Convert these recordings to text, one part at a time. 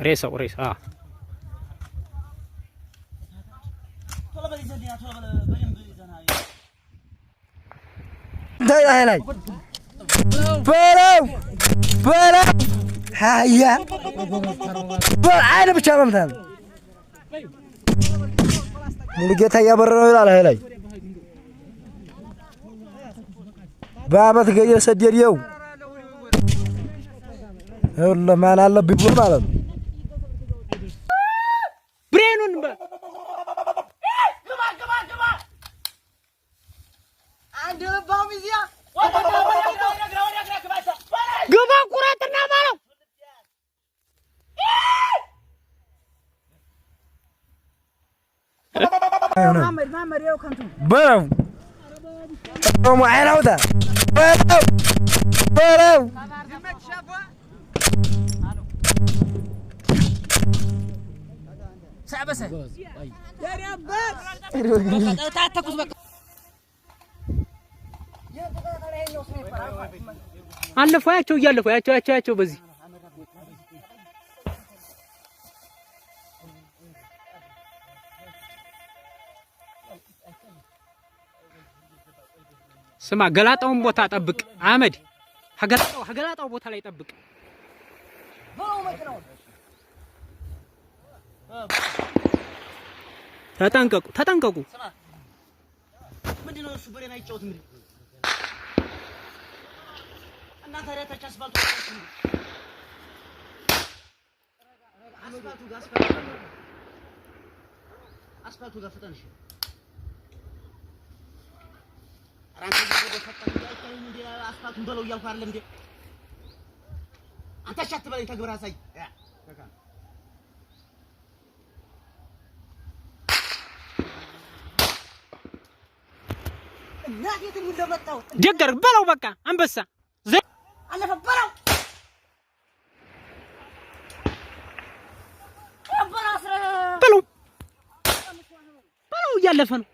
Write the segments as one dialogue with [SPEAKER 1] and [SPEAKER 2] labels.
[SPEAKER 1] ريسه وريسه اه داي هلاي بلو بلو هيا بل عين بشام مثلا لقيتها يا برا ولا هلاي بابا تقيس الدير يو والله ما انا الا بيبو مالهم ግባ ቁረጥና በለው በለው ሮሞ አይናውታ በለው በለው ሳበሰ ተኩስ በቃ አለፉ። አያቸው እያለፉ አያቸው አያቸው አያቸው በዚህ ስማ ገላጣውን ቦታ ጠብቅ። አመድ ሀገላጣው ሀገላጣው ቦታ ላይ ጠብቅ። ተጠንቀቁ፣ ተጠንቀቁ። ምንድነው እሱ በሬን አይጫወትም እንዴ? እና ታዲያ ታች አስፋልቱ አስፋልቱ ጋር ፍጠን። እሺ አንተ ወደ ፈጠን አይቀርም እንዴ? አስፋልቱን በለው እያልኩ አይደለም እንዴ? አንተ ሻት በለኝ ተግብር አሳይ እናቴ ትሙን ለመጣሁት ደግ አድርግ በለው በቃ አንበሳ አነፈበረው በለው እያለፈ ነው።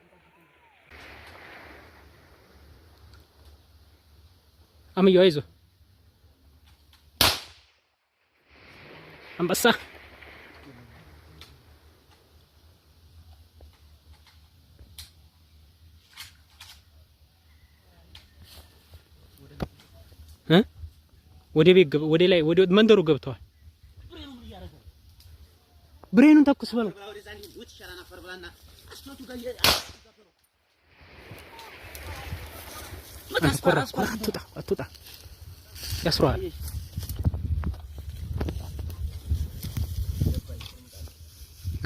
[SPEAKER 1] አምየው አይዞህ አንበሳ ወደ ቤት ወደ ላይ ወደ መንደሩ ገብተዋል። ብሬኑን ተኩስ በለው። አስኮራ አስኮራ፣ አትውጣ አትውጣ፣ ያስሯል።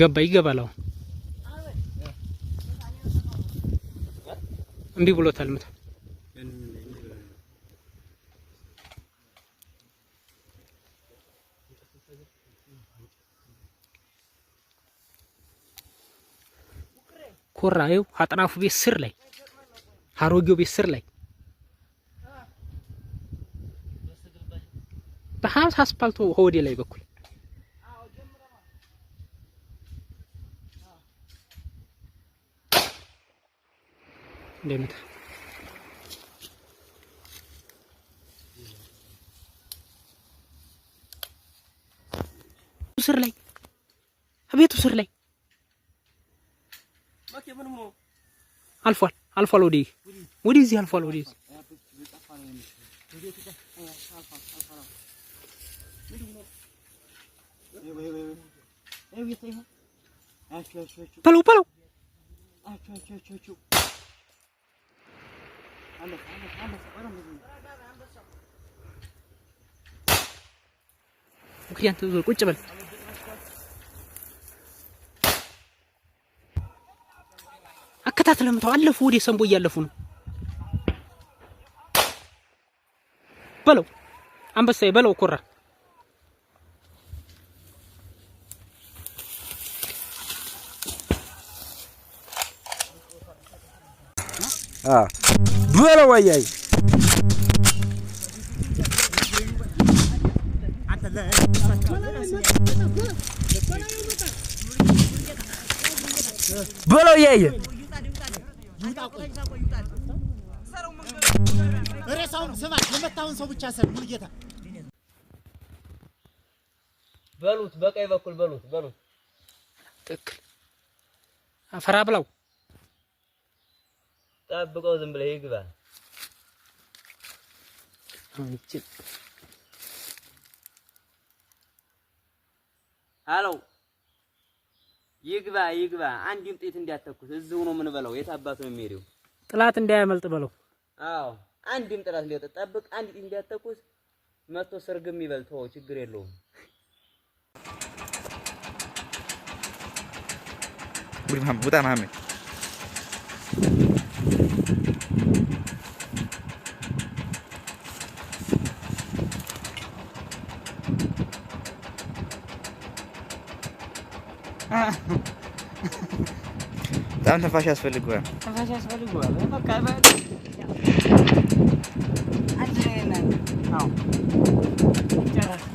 [SPEAKER 1] ገባ ይገባል። አሁን እምቢ ብሎታል ምታ ኮራ ይኸው አጥናፉ ቤት ስር ላይ አሮጌው ቤት ስር ላይ በሀስ አስፓልቶ ሆዴ ላይ በኩል እንደምታ ስር ላይ ቤቱ ስር ላይ I'll I'll follow. Alpha, Alpha Lodi. What is Okay, I'm going to go ቁጭ በል ጥላት ለምተው አለፉ። ወደ ሰንቦ እያለፉ ነው በለው አንበሳዬ በለው ኮራ በለው አያይ በለው እያየ ይውጣ። ቆይ ሬሳውን ስማ፣ የመታውን ሰው ብቻ ሰር ሙልጌታ በሉት፣ በቀኝ በኩል በሉት፣ በሉት። ትክክል። አፈራ ብላው ጠብቀው፣ ዝም ብለህ ይግባ። አለው ይግባ ይግባ። አንድም ጥይት እንዳትተኩስ እዚሁ ነው የምንበላው። የት አባቱ ነው የሚሄደው? ጥላት እንዳያመልጥ በለው። አዎ አንድም ጥላት ሊወጣ ጠብቅ። አንድ ጥይት እንዳትተኩስ መቶ ሰርግም ይበል። ችግር የለውም። ቡታ መሀመድ Da unde faci astfel de gură? Da unde faci astfel de gură? Da, ca vei... Adrenalina. Nu. Ce-a